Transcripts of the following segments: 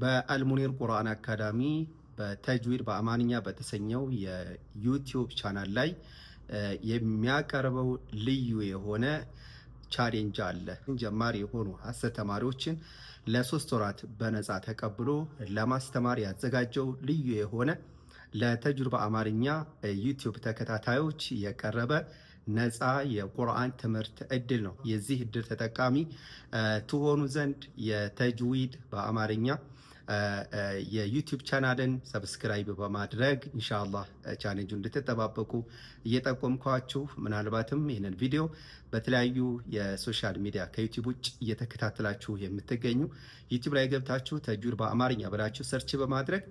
በአልሙኒር ቁርአን አካዳሚ በተጅዊድ በአማርኛ በተሰኘው የዩቲዩብ ቻናል ላይ የሚያቀርበው ልዩ የሆነ ቻሌንጅ አለ። ጀማሪ የሆኑ አስር ተማሪዎችን ለሶስት ወራት በነፃ ተቀብሎ ለማስተማር ያዘጋጀው ልዩ የሆነ ለተጅዊድ በአማርኛ ዩቲዩብ ተከታታዮች የቀረበ ነፃ የቁርአን ትምህርት እድል ነው። የዚህ እድል ተጠቃሚ ትሆኑ ዘንድ የተጅዊድ በአማርኛ የዩቲዩብ ቻናልን ሰብስክራይብ በማድረግ ኢንሻአላህ ቻሌንጁ እንድትጠባበቁ እየጠቆምኳችሁ ምናልባትም ይህንን ቪዲዮ በተለያዩ የሶሻል ሚዲያ ከዩቲዩብ ውጭ እየተከታተላችሁ የምትገኙ ዩቲዩብ ላይ ገብታችሁ ተጁር በአማርኛ ብላችሁ ሰርች በማድረግ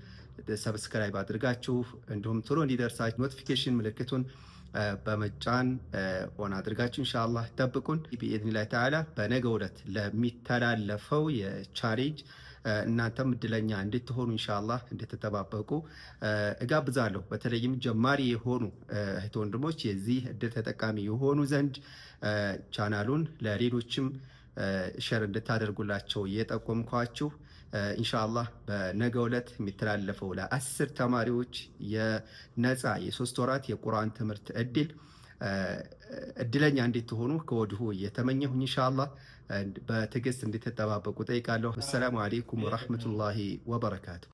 ሰብስክራይብ አድርጋችሁ እንዲሁም ቶሎ እንዲደርሳችሁ ኖቲፊኬሽን ምልክቱን በመጫን ሆን አድርጋችሁ ኢንሻአላህ ጠብቁን። ቢኢዝኒላህ ተዓላ በነገ ዕለት ለሚተላለፈው የቻሌንጅ እናንተም እድለኛ እንድትሆኑ እንሻላ እንድትጠባበቁ እጋብዛለሁ። በተለይም ጀማሪ የሆኑ እህት ወንድሞች የዚህ እድል ተጠቃሚ የሆኑ ዘንድ ቻናሉን ለሌሎችም ሸር እንድታደርጉላቸው እየጠቆምኳችሁ ኢንሻአላህ በነገ ዕለት የሚተላለፈው ለአስር ተማሪዎች የነፃ የሶስት ወራት የቁርአን ትምህርት እድል እድለኛ እንድትሆኑ ከወዲሁ እየተመኘሁ እንሻላ በትዕግስት እንድትጠባበቁ ጠይቃለሁ። አሰላሙ አሌይኩም ወረሕመቱላሂ ወበረካቱ።